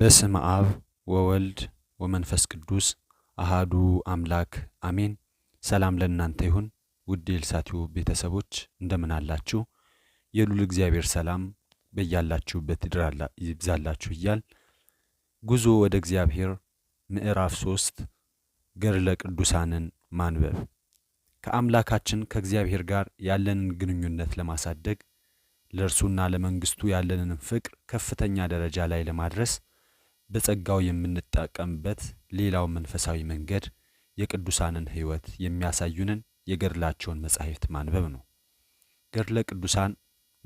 በስም አብ ወወልድ ወመንፈስ ቅዱስ አሃዱ አምላክ አሜን። ሰላም ለእናንተ ይሁን ውድ የልሳቲው ቤተሰቦች እንደምን አላችሁ? የሉል እግዚአብሔር ሰላም በያላችሁበት ይብዛላችሁ እያል ጉዞ ወደ እግዚአብሔር ምዕራፍ ሶስት ገድለ ቅዱሳንን ማንበብ ከአምላካችን ከእግዚአብሔር ጋር ያለንን ግንኙነት ለማሳደግ ለእርሱና ለመንግስቱ ያለንን ፍቅር ከፍተኛ ደረጃ ላይ ለማድረስ በጸጋው የምንጠቀምበት ሌላው መንፈሳዊ መንገድ የቅዱሳንን ሕይወት የሚያሳዩንን የገድላቸውን መጻሕፍት ማንበብ ነው። ገድለ ቅዱሳን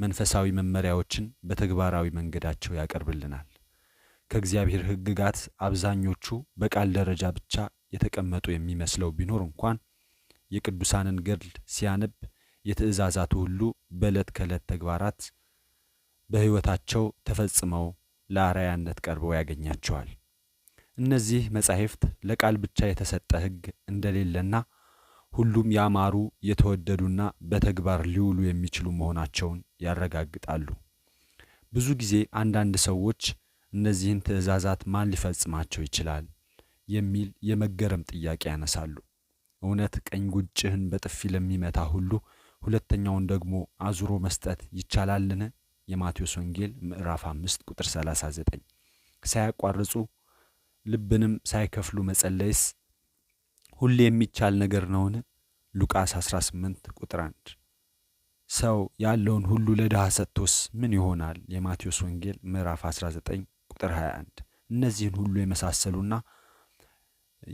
መንፈሳዊ መመሪያዎችን በተግባራዊ መንገዳቸው ያቀርብልናል። ከእግዚአብሔር ሕግጋት አብዛኞቹ በቃል ደረጃ ብቻ የተቀመጡ የሚመስለው ቢኖር እንኳን የቅዱሳንን ገድል ሲያነብ የትእዛዛቱ ሁሉ በዕለት ከዕለት ተግባራት በሕይወታቸው ተፈጽመው ለአርአያነት ቀርበው ያገኛቸዋል። እነዚህ መጻሕፍት ለቃል ብቻ የተሰጠ ሕግ እንደሌለና ሁሉም ያማሩ የተወደዱና በተግባር ሊውሉ የሚችሉ መሆናቸውን ያረጋግጣሉ። ብዙ ጊዜ አንዳንድ ሰዎች እነዚህን ትእዛዛት ማን ሊፈጽማቸው ይችላል የሚል የመገረም ጥያቄ ያነሳሉ። እውነት ቀኝ ጉንጭህን በጥፊ ለሚመታ ሁሉ ሁለተኛውን ደግሞ አዙሮ መስጠት ይቻላልን? የማቴዎስ ወንጌል ምዕራፍ 5 ቁጥር 39። ሳያቋርጹ ልብንም ሳይከፍሉ መጸለይስ ሁሌ የሚቻል ነገር ነውን? ሉቃስ 18 ቁጥር 1። ሰው ያለውን ሁሉ ለድሃ ሰጥቶስ ምን ይሆናል? የማቴዎስ ወንጌል ምዕራፍ 19 ቁጥር 21። እነዚህን ሁሉ የመሳሰሉና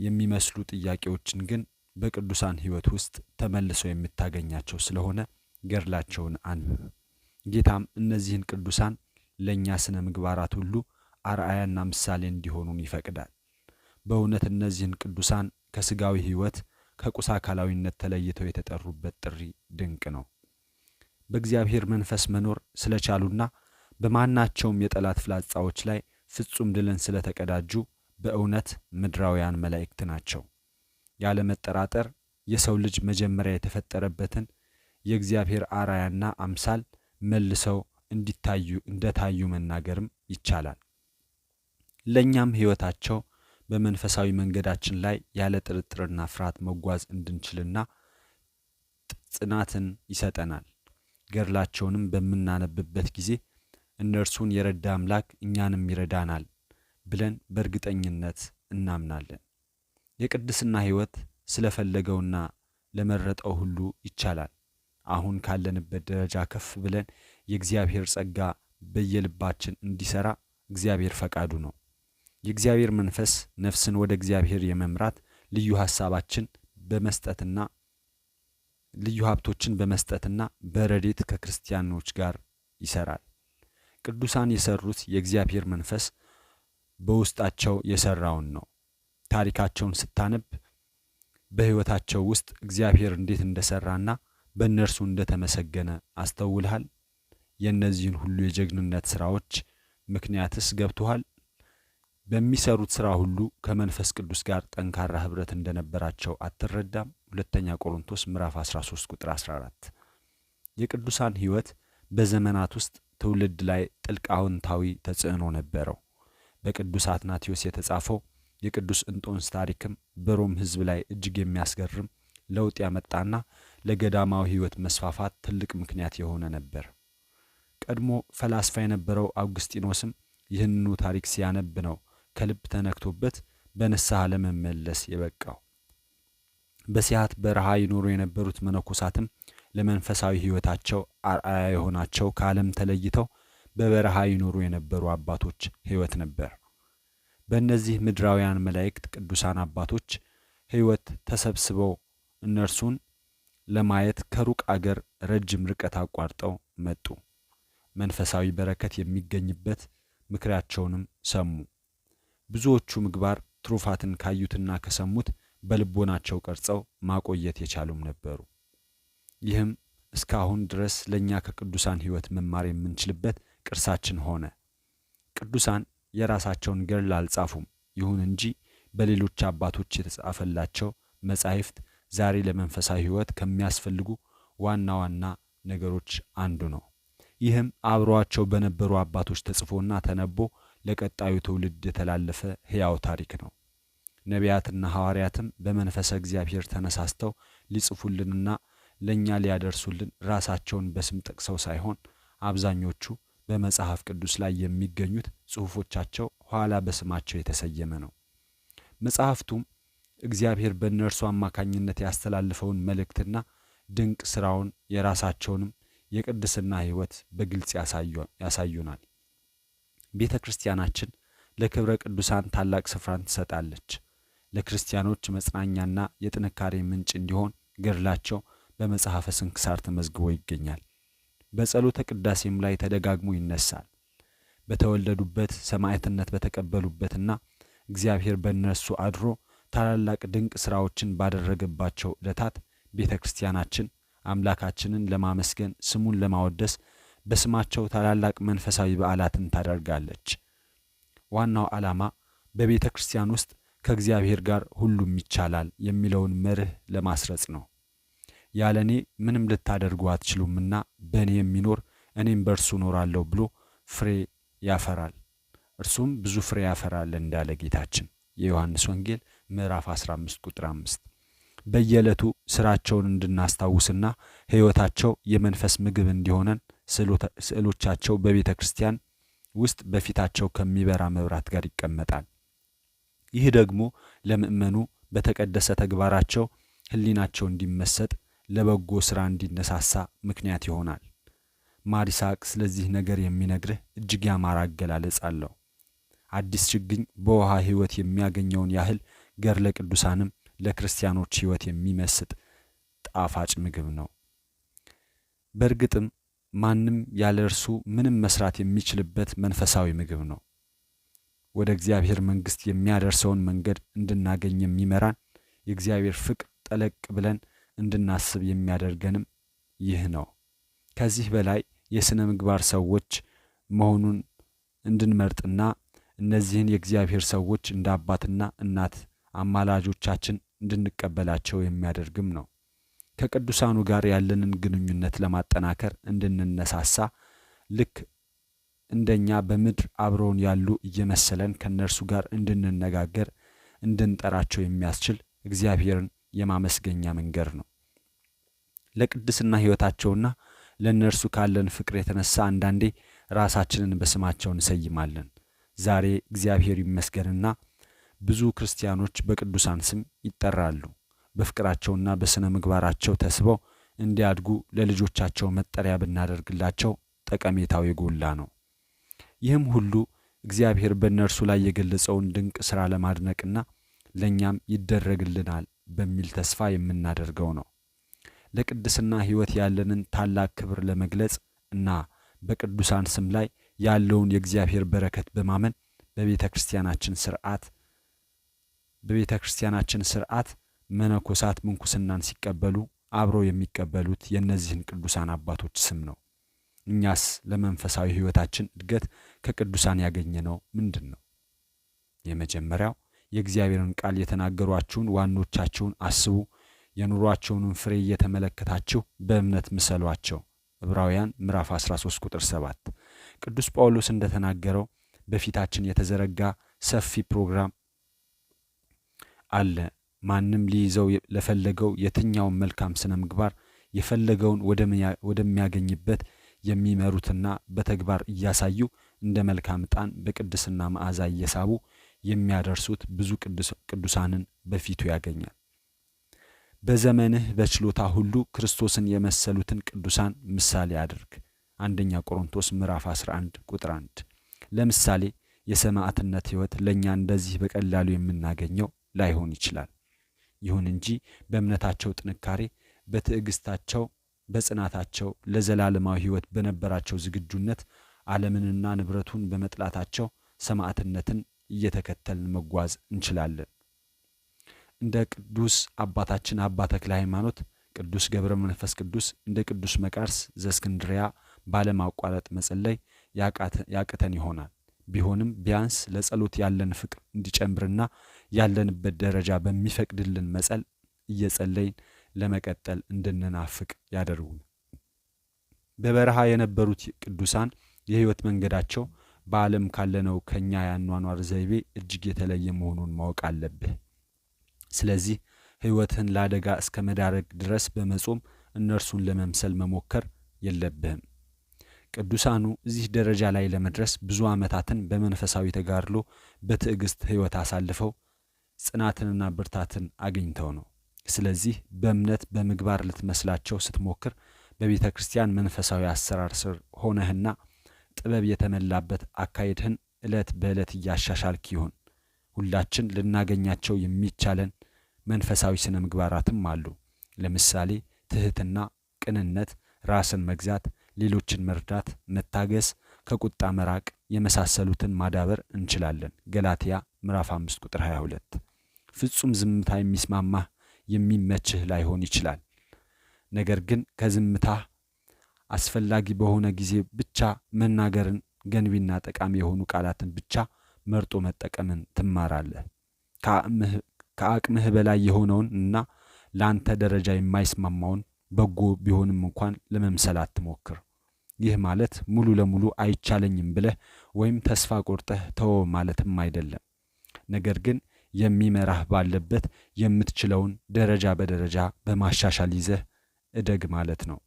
የሚመስሉ ጥያቄዎችን ግን በቅዱሳን ሕይወት ውስጥ ተመልሰው የምታገኛቸው ስለሆነ ገድላቸውን አንብብ። ጌታም እነዚህን ቅዱሳን ለእኛ ስነ ምግባራት ሁሉ አርአያና ምሳሌ እንዲሆኑን ይፈቅዳል። በእውነት እነዚህን ቅዱሳን ከሥጋዊ ሕይወት ከቁስ አካላዊነት ተለይተው የተጠሩበት ጥሪ ድንቅ ነው። በእግዚአብሔር መንፈስ መኖር ስለቻሉና በማናቸውም የጠላት ፍላጻዎች ላይ ፍጹም ድልን ስለተቀዳጁ በእውነት ምድራውያን መላእክት ናቸው። ያለመጠራጠር የሰው ልጅ መጀመሪያ የተፈጠረበትን የእግዚአብሔር አርአያና አምሳል መልሰው እንዲታዩ እንደታዩ መናገርም ይቻላል። ለእኛም ሕይወታቸው በመንፈሳዊ መንገዳችን ላይ ያለ ጥርጥርና ፍርሃት መጓዝ እንድንችልና ጽናትን ይሰጠናል። ገድላቸውንም በምናነብበት ጊዜ እነርሱን የረዳ አምላክ እኛንም ይረዳናል ብለን በእርግጠኝነት እናምናለን። የቅድስና ሕይወት ስለፈለገውና ለመረጠው ሁሉ ይቻላል። አሁን ካለንበት ደረጃ ከፍ ብለን የእግዚአብሔር ጸጋ በየልባችን እንዲሰራ እግዚአብሔር ፈቃዱ ነው። የእግዚአብሔር መንፈስ ነፍስን ወደ እግዚአብሔር የመምራት ልዩ ሐሳባችን በመስጠትና ልዩ ሀብቶችን በመስጠትና በረዴት ከክርስቲያኖች ጋር ይሰራል። ቅዱሳን የሰሩት የእግዚአብሔር መንፈስ በውስጣቸው የሰራውን ነው። ታሪካቸውን ስታነብ በሕይወታቸው ውስጥ እግዚአብሔር እንዴት እንደሰራና በእነርሱ እንደተመሰገነ አስተውልሃል? የእነዚህን ሁሉ የጀግንነት ሥራዎች ምክንያትስ ገብቶሃል? በሚሰሩት ሥራ ሁሉ ከመንፈስ ቅዱስ ጋር ጠንካራ ኅብረት እንደነበራቸው አትረዳም? ሁለተኛ ቆሮንቶስ ምዕራፍ 13 ቁጥር 14። የቅዱሳን ሕይወት በዘመናት ውስጥ ትውልድ ላይ ጥልቅ አዎንታዊ ተጽዕኖ ነበረው። በቅዱስ አትናቴዎስ የተጻፈው የቅዱስ እንጦንስ ታሪክም በሮም ሕዝብ ላይ እጅግ የሚያስገርም ለውጥ ያመጣና ለገዳማዊ ሕይወት መስፋፋት ትልቅ ምክንያት የሆነ ነበር። ቀድሞ ፈላስፋ የነበረው አውግስጢኖስም ይህንኑ ታሪክ ሲያነብ ነው ከልብ ተነክቶበት በንስሐ ለመመለስ የበቃው። በሲያት በረሃ ይኖሩ የነበሩት መነኮሳትም ለመንፈሳዊ ሕይወታቸው አርአያ የሆናቸው ከዓለም ተለይተው በበረሃ ይኖሩ የነበሩ አባቶች ሕይወት ነበር። በእነዚህ ምድራውያን መላእክት ቅዱሳን አባቶች ሕይወት ተሰብስበው እነርሱን ለማየት ከሩቅ አገር ረጅም ርቀት አቋርጠው መጡ። መንፈሳዊ በረከት የሚገኝበት ምክራቸውንም ሰሙ። ብዙዎቹ ምግባር ትሩፋትን ካዩትና ከሰሙት በልቦናቸው ቀርጸው ማቆየት የቻሉም ነበሩ። ይህም እስካሁን ድረስ ለእኛ ከቅዱሳን ሕይወት መማር የምንችልበት ቅርሳችን ሆነ። ቅዱሳን የራሳቸውን ገድል አልጻፉም። ይሁን እንጂ በሌሎች አባቶች የተጻፈላቸው መጻሕፍት ዛሬ ለመንፈሳዊ ሕይወት ከሚያስፈልጉ ዋና ዋና ነገሮች አንዱ ነው። ይህም አብሯቸው በነበሩ አባቶች ተጽፎና ተነቦ ለቀጣዩ ትውልድ የተላለፈ ሕያው ታሪክ ነው። ነቢያትና ሐዋርያትም በመንፈሰ እግዚአብሔር ተነሳስተው ሊጽፉልንና ለእኛ ሊያደርሱልን ራሳቸውን በስም ጠቅሰው ሳይሆን አብዛኞቹ በመጽሐፍ ቅዱስ ላይ የሚገኙት ጽሑፎቻቸው ኋላ በስማቸው የተሰየመ ነው። መጽሐፍቱም እግዚአብሔር በእነርሱ አማካኝነት ያስተላልፈውን መልእክትና ድንቅ ሥራውን የራሳቸውንም የቅድስና ሕይወት በግልጽ ያሳዩናል። ቤተ ክርስቲያናችን ለክብረ ቅዱሳን ታላቅ ስፍራን ትሰጣለች። ለክርስቲያኖች መጽናኛና የጥንካሬ ምንጭ እንዲሆን ገድላቸው በመጽሐፈ ስንክሳር ተመዝግቦ ይገኛል። በጸሎተ ቅዳሴም ላይ ተደጋግሞ ይነሳል። በተወለዱበት ሰማዕትነት በተቀበሉበትና እግዚአብሔር በእነርሱ አድሮ ታላላቅ ድንቅ ሥራዎችን ባደረገባቸው ዕለታት ቤተ ክርስቲያናችን አምላካችንን ለማመስገን ስሙን ለማወደስ በስማቸው ታላላቅ መንፈሳዊ በዓላትን ታደርጋለች። ዋናው ዓላማ በቤተ ክርስቲያን ውስጥ ከእግዚአብሔር ጋር ሁሉም ይቻላል የሚለውን መርህ ለማስረጽ ነው። ያለ እኔ ምንም ልታደርጉ አትችሉምና በእኔ የሚኖር እኔም በእርሱ እኖራለሁ ብሎ ፍሬ ያፈራል፣ እርሱም ብዙ ፍሬ ያፈራል እንዳለ ጌታችን የዮሐንስ ወንጌል ምዕራፍ 15 ቁጥር 5 በየዕለቱ ስራቸውን እንድናስታውስና ሕይወታቸው የመንፈስ ምግብ እንዲሆነን ስዕሎቻቸው በቤተ ክርስቲያን ውስጥ በፊታቸው ከሚበራ መብራት ጋር ይቀመጣል። ይህ ደግሞ ለምእመኑ በተቀደሰ ተግባራቸው ህሊናቸው እንዲመሰጥ ለበጎ ሥራ እንዲነሳሳ ምክንያት ይሆናል። ማሪሳቅ ስለዚህ ነገር የሚነግርህ እጅግ ያማረ አገላለጽ አለው። አዲስ ችግኝ በውሃ ሕይወት የሚያገኘውን ያህል ገድለ ቅዱሳንም ለክርስቲያኖች ሕይወት የሚመስጥ ጣፋጭ ምግብ ነው። በእርግጥም ማንም ያለ እርሱ ምንም መስራት የሚችልበት መንፈሳዊ ምግብ ነው። ወደ እግዚአብሔር መንግሥት የሚያደርሰውን መንገድ እንድናገኝ የሚመራን የእግዚአብሔር ፍቅር ጠለቅ ብለን እንድናስብ የሚያደርገንም ይህ ነው። ከዚህ በላይ የሥነ ምግባር ሰዎች መሆኑን እንድንመርጥና እነዚህን የእግዚአብሔር ሰዎች እንደ አባትና እናት አማላጆቻችን እንድንቀበላቸው የሚያደርግም ነው። ከቅዱሳኑ ጋር ያለንን ግንኙነት ለማጠናከር እንድንነሳሳ ልክ እንደኛ በምድር አብረውን ያሉ እየመሰለን ከእነርሱ ጋር እንድንነጋገር እንድንጠራቸው የሚያስችል እግዚአብሔርን የማመስገኛ መንገድ ነው። ለቅድስና ሕይወታቸውና ለእነርሱ ካለን ፍቅር የተነሳ አንዳንዴ ራሳችንን በስማቸው እንሰይማለን። ዛሬ እግዚአብሔር ይመስገንና ብዙ ክርስቲያኖች በቅዱሳን ስም ይጠራሉ። በፍቅራቸውና በሥነ ምግባራቸው ተስበው እንዲያድጉ ለልጆቻቸው መጠሪያ ብናደርግላቸው ጠቀሜታው የጎላ ነው። ይህም ሁሉ እግዚአብሔር በእነርሱ ላይ የገለጸውን ድንቅ ሥራ ለማድነቅና ለእኛም ይደረግልናል በሚል ተስፋ የምናደርገው ነው። ለቅድስና ሕይወት ያለንን ታላቅ ክብር ለመግለጽ እና በቅዱሳን ስም ላይ ያለውን የእግዚአብሔር በረከት በማመን በቤተ ክርስቲያናችን ሥርዓት በቤተ ክርስቲያናችን ስርዓት መነኮሳት ምንኩስናን ሲቀበሉ አብረው የሚቀበሉት የእነዚህን ቅዱሳን አባቶች ስም ነው። እኛስ ለመንፈሳዊ ሕይወታችን እድገት ከቅዱሳን ያገኘነው ምንድን ነው? የመጀመሪያው የእግዚአብሔርን ቃል የተናገሯችሁን ዋኖቻችሁን አስቡ፣ የኑሯቸውንም ፍሬ እየተመለከታችሁ በእምነት ምሰሏቸው። ዕብራውያን ምዕራፍ 13 ቁጥር 7 ቅዱስ ጳውሎስ እንደተናገረው በፊታችን የተዘረጋ ሰፊ ፕሮግራም አለ። ማንም ሊይዘው ለፈለገው የትኛውን መልካም ስነ ምግባር የፈለገውን ወደሚያገኝበት የሚመሩትና በተግባር እያሳዩ እንደ መልካም ዕጣን በቅድስና መዓዛ እየሳቡ የሚያደርሱት ብዙ ቅዱሳንን በፊቱ ያገኛል። በዘመንህ በችሎታ ሁሉ ክርስቶስን የመሰሉትን ቅዱሳን ምሳሌ አድርግ። አንደኛ ቆሮንቶስ ምዕራፍ 11 ቁጥር 1። ለምሳሌ የሰማዕትነት ሕይወት ለእኛ እንደዚህ በቀላሉ የምናገኘው ላይሆን ይችላል። ይሁን እንጂ በእምነታቸው ጥንካሬ፣ በትዕግስታቸው፣ በጽናታቸው ለዘላለማዊ ሕይወት በነበራቸው ዝግጁነት ዓለምንና ንብረቱን በመጥላታቸው ሰማዕትነትን እየተከተልን መጓዝ እንችላለን። እንደ ቅዱስ አባታችን አባ ተክለ ሃይማኖት፣ ቅዱስ ገብረ መንፈስ ቅዱስ፣ እንደ ቅዱስ መቃርስ ዘእስክንድርያ ባለማቋረጥ መጸለይ ያቅተን ይሆናል። ቢሆንም ቢያንስ ለጸሎት ያለን ፍቅር እንዲጨምርና ያለንበት ደረጃ በሚፈቅድልን መጸል እየጸለይን ለመቀጠል እንድንናፍቅ ያደርጉን። በበረሃ የነበሩት ቅዱሳን የህይወት መንገዳቸው በዓለም ካለነው ከእኛ ያኗኗር ዘይቤ እጅግ የተለየ መሆኑን ማወቅ አለብህ። ስለዚህ ህይወትህን ለአደጋ እስከ መዳረግ ድረስ በመጾም እነርሱን ለመምሰል መሞከር የለብህም። ቅዱሳኑ እዚህ ደረጃ ላይ ለመድረስ ብዙ ዓመታትን በመንፈሳዊ ተጋድሎ በትዕግሥት ሕይወት አሳልፈው ጽናትንና ብርታትን አግኝተው ነው። ስለዚህ በእምነት በምግባር ልትመስላቸው ስትሞክር በቤተ ክርስቲያን መንፈሳዊ አሰራር ስር ሆነህና ጥበብ የተመላበት አካሄድህን ዕለት በዕለት እያሻሻልክ ይሁን። ሁላችን ልናገኛቸው የሚቻለን መንፈሳዊ ስነ ምግባራትም አሉ። ለምሳሌ ትሕትና፣ ቅንነት፣ ራስን መግዛት ሌሎችን መርዳት፣ መታገስ፣ ከቁጣ መራቅ የመሳሰሉትን ማዳበር እንችላለን። ገላትያ ምዕራፍ 5 ቁጥር 22። ፍጹም ዝምታ የሚስማማህ የሚመችህ ላይሆን ይችላል። ነገር ግን ከዝምታህ አስፈላጊ በሆነ ጊዜ ብቻ መናገርን፣ ገንቢና ጠቃሚ የሆኑ ቃላትን ብቻ መርጦ መጠቀምን ትማራለህ። ከአቅምህ በላይ የሆነውን እና ለአንተ ደረጃ የማይስማማውን በጎ ቢሆንም እንኳን ለመምሰል አትሞክር። ይህ ማለት ሙሉ ለሙሉ አይቻለኝም ብለህ ወይም ተስፋ ቆርጠህ ተወ ማለትም አይደለም። ነገር ግን የሚመራህ ባለበት የምትችለውን ደረጃ በደረጃ በማሻሻል ይዘህ እደግ ማለት ነው።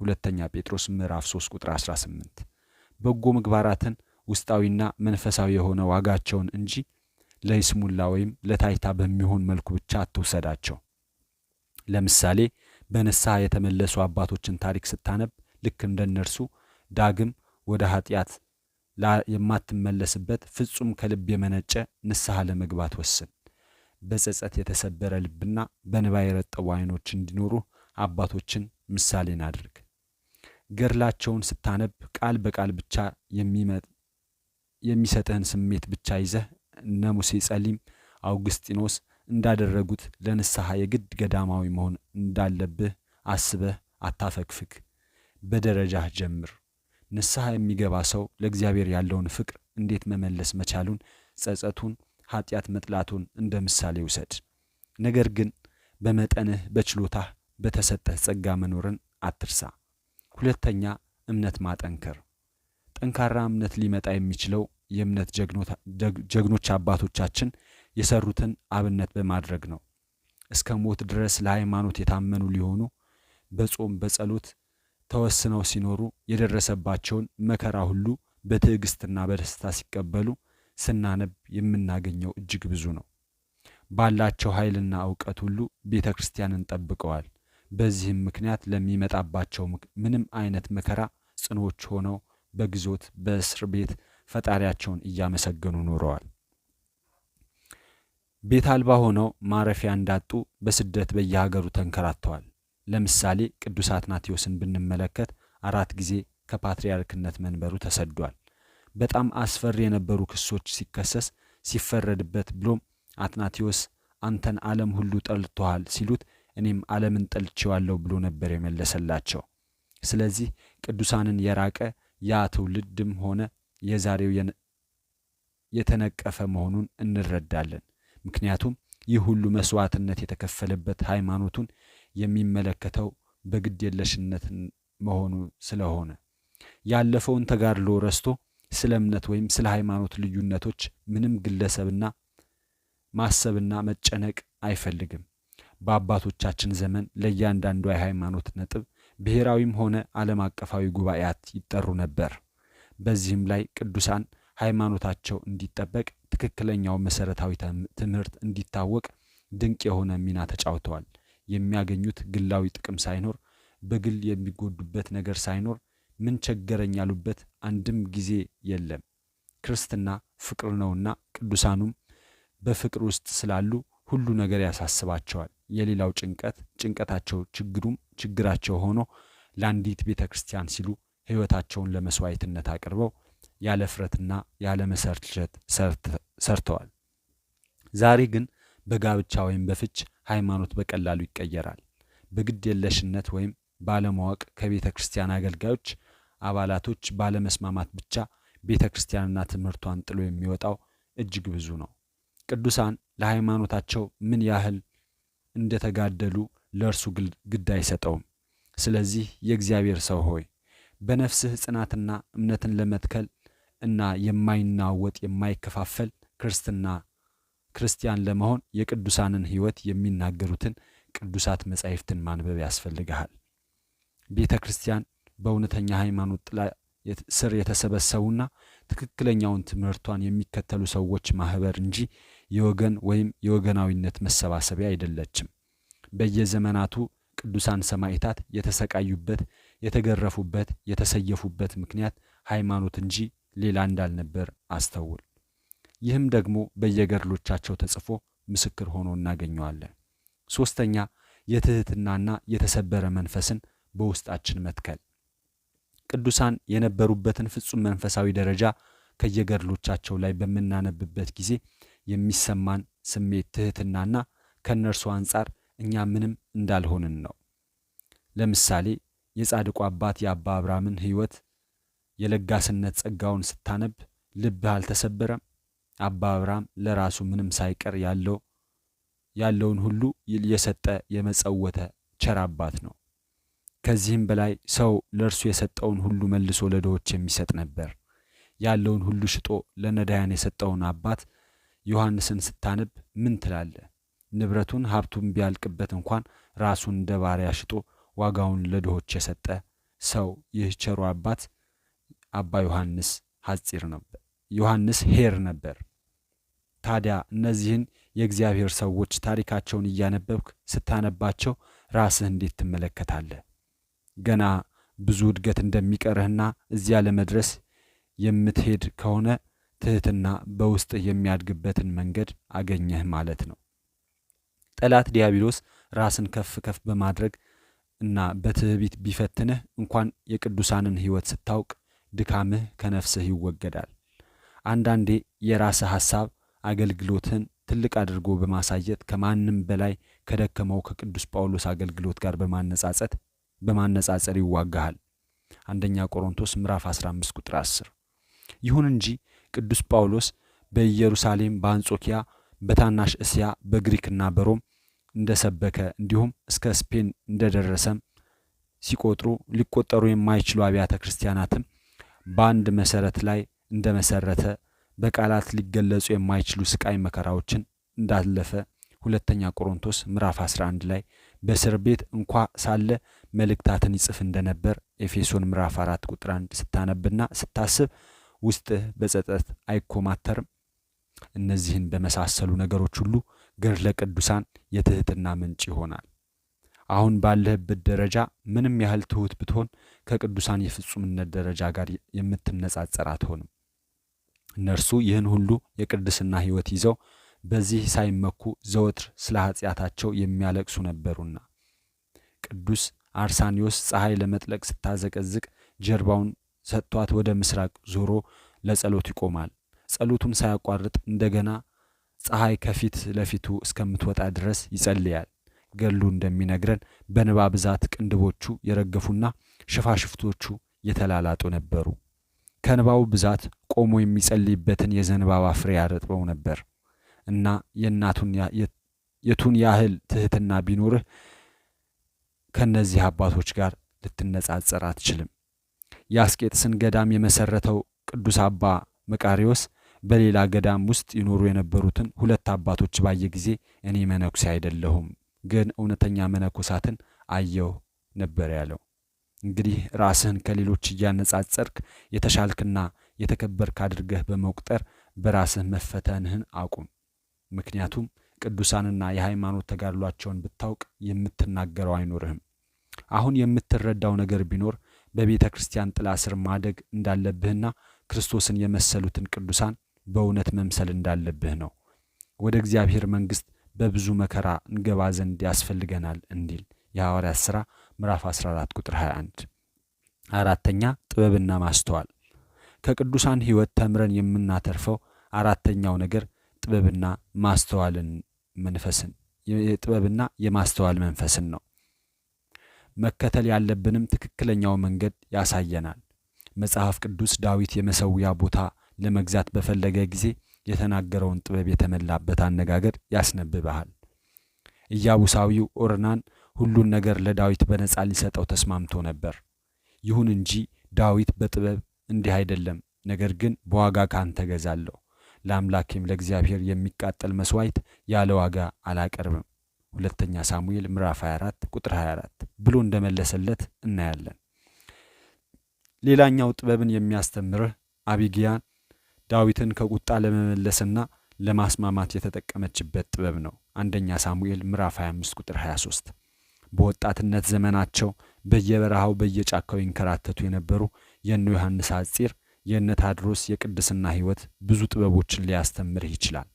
ሁለተኛ ጴጥሮስ ምዕራፍ 3 ቁጥር 18 በጎ ምግባራትን ውስጣዊና መንፈሳዊ የሆነ ዋጋቸውን እንጂ ለይስሙላ ወይም ለታይታ በሚሆን መልኩ ብቻ አትውሰዳቸው። ለምሳሌ በንስሐ የተመለሱ አባቶችን ታሪክ ስታነብ ልክ እንደ እነርሱ ዳግም ወደ ኃጢአት የማትመለስበት ፍጹም ከልብ የመነጨ ንስሐ ለመግባት ወስን። በጸጸት የተሰበረ ልብና በንባ የረጠቡ ዓይኖች እንዲኖሩ አባቶችን ምሳሌን አድርግ። ገድላቸውን ስታነብ ቃል በቃል ብቻ የሚሰጥህን ስሜት ብቻ ይዘህ እነ ሙሴ ጸሊም፣ አውግስጢኖስ እንዳደረጉት ለንስሐ የግድ ገዳማዊ መሆን እንዳለብህ አስበህ አታፈግፍግ። በደረጃ ጀምር። ንስሐ የሚገባ ሰው ለእግዚአብሔር ያለውን ፍቅር እንዴት መመለስ መቻሉን፣ ጸጸቱን፣ ኃጢአት መጥላቱን እንደ ምሳሌ ውሰድ። ነገር ግን በመጠንህ በችሎታህ በተሰጠህ ጸጋ መኖርን አትርሳ። ሁለተኛ እምነት ማጠንከር። ጠንካራ እምነት ሊመጣ የሚችለው የእምነት ጀግኖች አባቶቻችን የሰሩትን አብነት በማድረግ ነው። እስከ ሞት ድረስ ለሃይማኖት የታመኑ ሊሆኑ በጾም በጸሎት ተወስነው ሲኖሩ የደረሰባቸውን መከራ ሁሉ በትዕግስትና በደስታ ሲቀበሉ ስናነብ የምናገኘው እጅግ ብዙ ነው። ባላቸው ኃይልና እውቀት ሁሉ ቤተ ክርስቲያንን ጠብቀዋል። በዚህም ምክንያት ለሚመጣባቸው ምንም አይነት መከራ ጽኖዎች ሆነው በግዞት በእስር ቤት ፈጣሪያቸውን እያመሰገኑ ኖረዋል። ቤት አልባ ሆነው ማረፊያ እንዳጡ በስደት በየሀገሩ ተንከራተዋል። ለምሳሌ ቅዱስ አትናቴዎስን ብንመለከት አራት ጊዜ ከፓትርያርክነት መንበሩ ተሰዷል። በጣም አስፈሪ የነበሩ ክሶች ሲከሰስ ሲፈረድበት፣ ብሎም አትናቴዎስ አንተን ዓለም ሁሉ ጠልቶሃል ሲሉት እኔም ዓለምን ጠልቼዋለሁ ብሎ ነበር የመለሰላቸው። ስለዚህ ቅዱሳንን የራቀ ያ ትውልድም ሆነ የዛሬው የተነቀፈ መሆኑን እንረዳለን። ምክንያቱም ይህ ሁሉ መስዋዕትነት የተከፈለበት ሃይማኖቱን የሚመለከተው በግዴለሽነት መሆኑ ስለሆነ ያለፈውን ተጋድሎ ረስቶ ስለ እምነት ወይም ስለ ሃይማኖት ልዩነቶች ምንም ግለሰብና ማሰብና መጨነቅ አይፈልግም። በአባቶቻችን ዘመን ለእያንዳንዱ የሃይማኖት ነጥብ ብሔራዊም ሆነ ዓለም አቀፋዊ ጉባኤያት ይጠሩ ነበር። በዚህም ላይ ቅዱሳን ሃይማኖታቸው እንዲጠበቅ ትክክለኛው መሰረታዊ ትምህርት እንዲታወቅ ድንቅ የሆነ ሚና ተጫውተዋል። የሚያገኙት ግላዊ ጥቅም ሳይኖር በግል የሚጎዱበት ነገር ሳይኖር ምን ቸገረኝ ያሉበት አንድም ጊዜ የለም። ክርስትና ፍቅር ነውና ቅዱሳኑም በፍቅር ውስጥ ስላሉ ሁሉ ነገር ያሳስባቸዋል። የሌላው ጭንቀት ጭንቀታቸው፣ ችግሩም ችግራቸው ሆኖ ለአንዲት ቤተ ክርስቲያን ሲሉ ሕይወታቸውን ለመስዋዕትነት አቅርበው ያለ ፍረትና ያለ መሰልቸት ሰርተዋል። ዛሬ ግን በጋብቻ ወይም በፍች ሃይማኖት በቀላሉ ይቀየራል። በግድ የለሽነት ወይም ባለማወቅ ከቤተ ክርስቲያን አገልጋዮች አባላቶች ባለመስማማት ብቻ ቤተ ክርስቲያንና ትምህርቷን ጥሎ የሚወጣው እጅግ ብዙ ነው። ቅዱሳን ለሃይማኖታቸው ምን ያህል እንደተጋደሉ ለእርሱ ግድ አይሰጠውም። ስለዚህ የእግዚአብሔር ሰው ሆይ በነፍስህ ጽናትና እምነትን ለመትከል እና የማይናወጥ የማይከፋፈል ክርስትና ክርስቲያን ለመሆን የቅዱሳንን ሕይወት የሚናገሩትን ቅዱሳት መጻሕፍትን ማንበብ ያስፈልግሃል። ቤተ ክርስቲያን በእውነተኛ ሃይማኖት ጥላ ስር የተሰበሰቡና ትክክለኛውን ትምህርቷን የሚከተሉ ሰዎች ማህበር እንጂ የወገን ወይም የወገናዊነት መሰባሰቢያ አይደለችም። በየዘመናቱ ቅዱሳን ሰማዕታት የተሰቃዩበት፣ የተገረፉበት፣ የተሰየፉበት ምክንያት ሃይማኖት እንጂ ሌላ እንዳልነበር አስተውል። ይህም ደግሞ በየገድሎቻቸው ተጽፎ ምስክር ሆኖ እናገኘዋለን። ሶስተኛ የትህትናና የተሰበረ መንፈስን በውስጣችን መትከል። ቅዱሳን የነበሩበትን ፍጹም መንፈሳዊ ደረጃ ከየገድሎቻቸው ላይ በምናነብበት ጊዜ የሚሰማን ስሜት ትህትናና ከእነርሱ አንጻር እኛ ምንም እንዳልሆንን ነው። ለምሳሌ የጻድቁ አባት የአባ አብርሃምን ሕይወት የለጋስነት ጸጋውን ስታነብ ልብህ አልተሰበረም አባ አብርሃም ለራሱ ምንም ሳይቀር ያለው ያለውን ሁሉ የሰጠ የመጸወተ ቸር አባት ነው። ከዚህም በላይ ሰው ለእርሱ የሰጠውን ሁሉ መልሶ ለድሆች የሚሰጥ ነበር። ያለውን ሁሉ ሽጦ ለነዳያን የሰጠውን አባት ዮሐንስን ስታነብ ምን ትላለ? ንብረቱን ሀብቱን ቢያልቅበት እንኳን ራሱን እንደ ባሪያ ሽጦ ዋጋውን ለድሆች የሰጠ ሰው ይህ ቸሩ አባት አባ ዮሐንስ ሐጺር ነበር። ዮሐንስ ሄር ነበር። ታዲያ እነዚህን የእግዚአብሔር ሰዎች ታሪካቸውን እያነበብክ ስታነባቸው ራስህ እንዴት ትመለከታለህ? ገና ብዙ እድገት እንደሚቀርህና እዚያ ለመድረስ የምትሄድ ከሆነ ትሕትና በውስጥህ የሚያድግበትን መንገድ አገኘህ ማለት ነው። ጠላት ዲያብሎስ ራስን ከፍ ከፍ በማድረግ እና በትዕቢት ቢፈትንህ እንኳን የቅዱሳንን ሕይወት ስታውቅ ድካምህ ከነፍስህ ይወገዳል። አንዳንዴ የራስ ሐሳብ አገልግሎትን ትልቅ አድርጎ በማሳየት ከማንም በላይ ከደከመው ከቅዱስ ጳውሎስ አገልግሎት ጋር በማነጻጸት በማነጻጸር ይዋጋሃል። አንደኛ ቆሮንቶስ ምዕራፍ 15 ቁጥር 10። ይሁን እንጂ ቅዱስ ጳውሎስ በኢየሩሳሌም፣ በአንጾኪያ፣ በታናሽ እስያ፣ በግሪክና በሮም እንደሰበከ እንዲሁም እስከ ስፔን እንደደረሰም ሲቆጥሩ ሊቆጠሩ የማይችሉ አብያተ ክርስቲያናትም በአንድ መሰረት ላይ እንደመሰረተ በቃላት ሊገለጹ የማይችሉ ስቃይ መከራዎችን እንዳለፈ ሁለተኛ ቆሮንቶስ ምዕራፍ 11 ላይ በእስር ቤት እንኳ ሳለ መልእክታትን ይጽፍ እንደነበር ኤፌሶን ምዕራፍ 4 ቁጥር 1 ስታነብና ስታስብ ውስጥህ በጸጸት አይኮማተርም? እነዚህን በመሳሰሉ ነገሮች ሁሉ ገድለ ቅዱሳን የትህትና ምንጭ ይሆናል። አሁን ባለህበት ደረጃ ምንም ያህል ትሑት ብትሆን ከቅዱሳን የፍጹምነት ደረጃ ጋር የምትነጻጸር አትሆንም። እነርሱ ይህን ሁሉ የቅድስና ሕይወት ይዘው በዚህ ሳይመኩ ዘወትር ስለ ኃጢአታቸው የሚያለቅሱ ነበሩና ቅዱስ አርሳኒዮስ ፀሐይ ለመጥለቅ ስታዘቀዝቅ ጀርባውን ሰጥቷት ወደ ምስራቅ ዞሮ ለጸሎት ይቆማል። ጸሎቱን ሳያቋርጥ እንደገና ፀሐይ ከፊት ለፊቱ እስከምትወጣ ድረስ ይጸልያል። ገሉ እንደሚነግረን በንባ ብዛት ቅንድቦቹ የረገፉና ሽፋሽፍቶቹ የተላላጡ ነበሩ። ከንባው ብዛት ቆሞ የሚጸልይበትን የዘንባባ ፍሬ ያረጥበው ነበር እና የእናቱን የቱን ያህል ትህትና ቢኖርህ ከእነዚህ አባቶች ጋር ልትነጻጸር አትችልም። የአስቄጥስን ገዳም የመሰረተው ቅዱስ አባ መቃሪዎስ በሌላ ገዳም ውስጥ ይኖሩ የነበሩትን ሁለት አባቶች ባየ ጊዜ እኔ መነኩሴ አይደለሁም፣ ግን እውነተኛ መነኮሳትን አየሁ ነበር ያለው። እንግዲህ ራስህን ከሌሎች እያነጻጸርክ የተሻልክና የተከበርክ አድርገህ በመቁጠር በራስህ መፈተንህን አቁም። ምክንያቱም ቅዱሳንና የሃይማኖት ተጋድሏቸውን ብታውቅ የምትናገረው አይኖርህም። አሁን የምትረዳው ነገር ቢኖር በቤተ ክርስቲያን ጥላ ስር ማደግ እንዳለብህና ክርስቶስን የመሰሉትን ቅዱሳን በእውነት መምሰል እንዳለብህ ነው። ወደ እግዚአብሔር መንግሥት በብዙ መከራ እንገባ ዘንድ ያስፈልገናል እንዲል የሐዋርያት ሥራ ምዕራፍ 14 ቁጥር 21። አራተኛ ጥበብና ማስተዋል ከቅዱሳን ሕይወት ተምረን የምናተርፈው አራተኛው ነገር ጥበብና ማስተዋልን መንፈስን የጥበብና የማስተዋል መንፈስን ነው። መከተል ያለብንም ትክክለኛው መንገድ ያሳየናል። መጽሐፍ ቅዱስ ዳዊት የመሰዊያ ቦታ ለመግዛት በፈለገ ጊዜ የተናገረውን ጥበብ የተመላበት አነጋገር ያስነብባል። ኢያቡሳዊው ኦርናን ሁሉን ነገር ለዳዊት በነፃ ሊሰጠው ተስማምቶ ነበር። ይሁን እንጂ ዳዊት በጥበብ እንዲህ አይደለም፣ ነገር ግን በዋጋ ካንተ ገዛለሁ፣ ለአምላኬም ለእግዚአብሔር የሚቃጠል መስዋይት ያለ ዋጋ አላቀርብም፣ ሁለተኛ ሳሙኤል ምዕራፍ 24 ቁጥር 24 ብሎ እንደመለሰለት እናያለን። ሌላኛው ጥበብን የሚያስተምርህ አቢጊያ ዳዊትን ከቁጣ ለመመለስና ለማስማማት የተጠቀመችበት ጥበብ ነው። አንደኛ ሳሙኤል ምዕራፍ 25 ቁጥር 23 በወጣትነት ዘመናቸው በየበረሃው በየጫካው ይንከራተቱ የነበሩ የነ ዮሐንስ አፂር የነ ታድሮስ የቅድስና ሕይወት ብዙ ጥበቦችን ሊያስተምርህ ይችላል።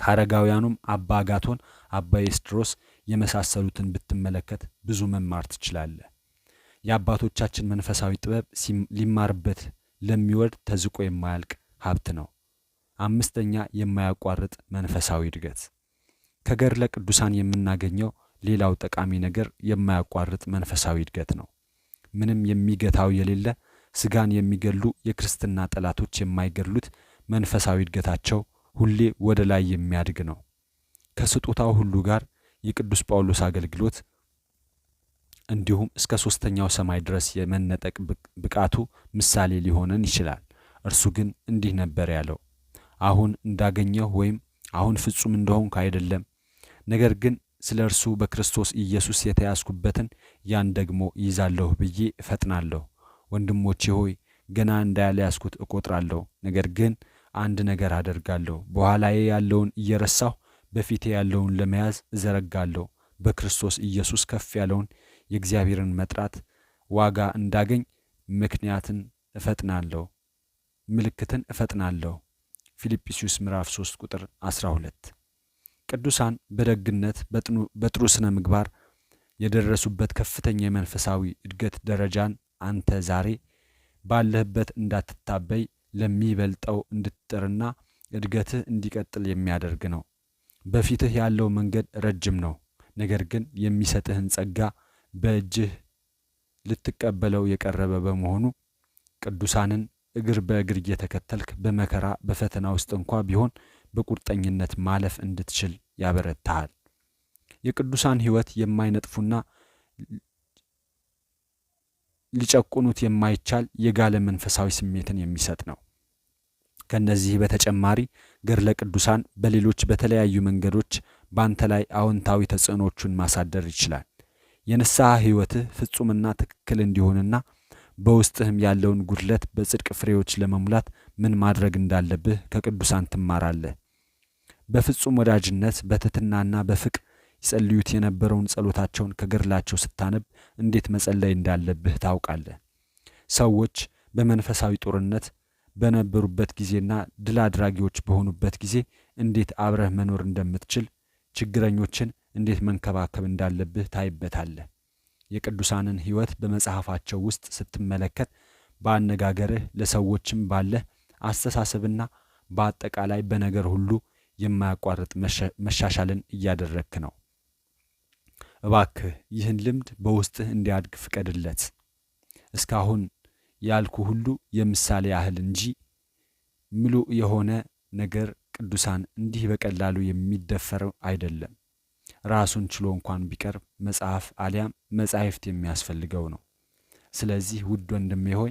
ከአረጋውያኑም አባ አጋቶን፣ አባ ኤስድሮስ የመሳሰሉትን ብትመለከት ብዙ መማር ትችላለህ። የአባቶቻችን መንፈሳዊ ጥበብ ሊማርበት ለሚወድ ተዝቆ የማያልቅ ሀብት ነው። አምስተኛ የማያቋርጥ መንፈሳዊ እድገት ከገድለ ቅዱሳን የምናገኘው ሌላው ጠቃሚ ነገር የማያቋርጥ መንፈሳዊ እድገት ነው። ምንም የሚገታው የሌለ ስጋን የሚገሉ የክርስትና ጠላቶች የማይገድሉት መንፈሳዊ እድገታቸው ሁሌ ወደ ላይ የሚያድግ ነው። ከስጦታው ሁሉ ጋር የቅዱስ ጳውሎስ አገልግሎት እንዲሁም እስከ ሦስተኛው ሰማይ ድረስ የመነጠቅ ብቃቱ ምሳሌ ሊሆነን ይችላል። እርሱ ግን እንዲህ ነበር ያለው፣ አሁን እንዳገኘሁ ወይም አሁን ፍጹም እንደሆንኩ አይደለም፣ ነገር ግን ስለ እርሱ በክርስቶስ ኢየሱስ የተያዝኩበትን ያን ደግሞ ይዛለሁ ብዬ እፈጥናለሁ። ወንድሞቼ ሆይ ገና ያስኩት እቆጥራለሁ። ነገር ግን አንድ ነገር አደርጋለሁ፣ በኋላዬ ያለውን እየረሳሁ በፊቴ ያለውን ለመያዝ እዘረጋለሁ። በክርስቶስ ኢየሱስ ከፍ ያለውን የእግዚአብሔርን መጥራት ዋጋ እንዳገኝ ምክንያትን እፈጥናለሁ፣ ምልክትን እፈጥናለሁ። ፊልጵስዩስ ምዕራፍ 3 ቁጥር 12 ቅዱሳን በደግነት በጥሩ ስነ ምግባር የደረሱበት ከፍተኛ የመንፈሳዊ እድገት ደረጃን አንተ ዛሬ ባለህበት እንዳትታበይ ለሚበልጠው እንድትጥርና እድገትህ እንዲቀጥል የሚያደርግ ነው። በፊትህ ያለው መንገድ ረጅም ነው። ነገር ግን የሚሰጥህን ጸጋ በእጅህ ልትቀበለው የቀረበ በመሆኑ ቅዱሳንን እግር በእግር እየተከተልክ በመከራ በፈተና ውስጥ እንኳ ቢሆን በቁርጠኝነት ማለፍ እንድትችል ያበረታሃል። የቅዱሳን ሕይወት የማይነጥፉና ሊጨቁኑት የማይቻል የጋለ መንፈሳዊ ስሜትን የሚሰጥ ነው። ከእነዚህ በተጨማሪ ገድለ ቅዱሳን በሌሎች በተለያዩ መንገዶች በአንተ ላይ አዎንታዊ ተጽዕኖቹን ማሳደር ይችላል። የንስሐ ሕይወትህ ፍጹምና ትክክል እንዲሆንና በውስጥህም ያለውን ጉድለት በጽድቅ ፍሬዎች ለመሙላት ምን ማድረግ እንዳለብህ ከቅዱሳን ትማራለህ። በፍጹም ወዳጅነት በትትናና በፍቅ ይጸልዩት የነበረውን ጸሎታቸውን ከገድላቸው ስታነብ እንዴት መጸለይ እንዳለብህ ታውቃለህ። ሰዎች በመንፈሳዊ ጦርነት በነበሩበት ጊዜና ድል አድራጊዎች በሆኑበት ጊዜ እንዴት አብረህ መኖር እንደምትችል፣ ችግረኞችን እንዴት መንከባከብ እንዳለብህ ታይበታለህ። የቅዱሳንን ሕይወት በመጽሐፋቸው ውስጥ ስትመለከት በአነጋገርህ ለሰዎችም ባለህ አስተሳሰብና በአጠቃላይ በነገር ሁሉ የማያቋርጥ መሻሻልን እያደረግክ ነው። እባክህ ይህን ልምድ በውስጥህ እንዲያድግ ፍቀድለት። እስካሁን ያልኩ ሁሉ የምሳሌ ያህል እንጂ ምሉ የሆነ ነገር ቅዱሳን እንዲህ በቀላሉ የሚደፈር አይደለም። ራሱን ችሎ እንኳን ቢቀርብ መጽሐፍ አሊያም መጻሕፍት የሚያስፈልገው ነው። ስለዚህ ውድ ወንድሜ ሆይ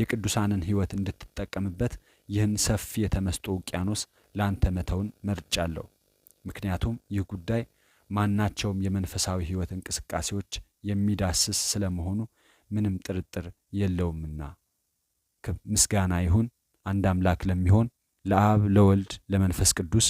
የቅዱሳንን ሕይወት እንድትጠቀምበት ይህን ሰፊ የተመስጦ ውቅያኖስ ለአንተ መተውን መርጫለሁ። ምክንያቱም ይህ ጉዳይ ማናቸውም የመንፈሳዊ ሕይወት እንቅስቃሴዎች የሚዳስስ ስለመሆኑ ምንም ጥርጥር የለውምና። ምስጋና ይሁን አንድ አምላክ ለሚሆን ለአብ ለወልድ ለመንፈስ ቅዱስ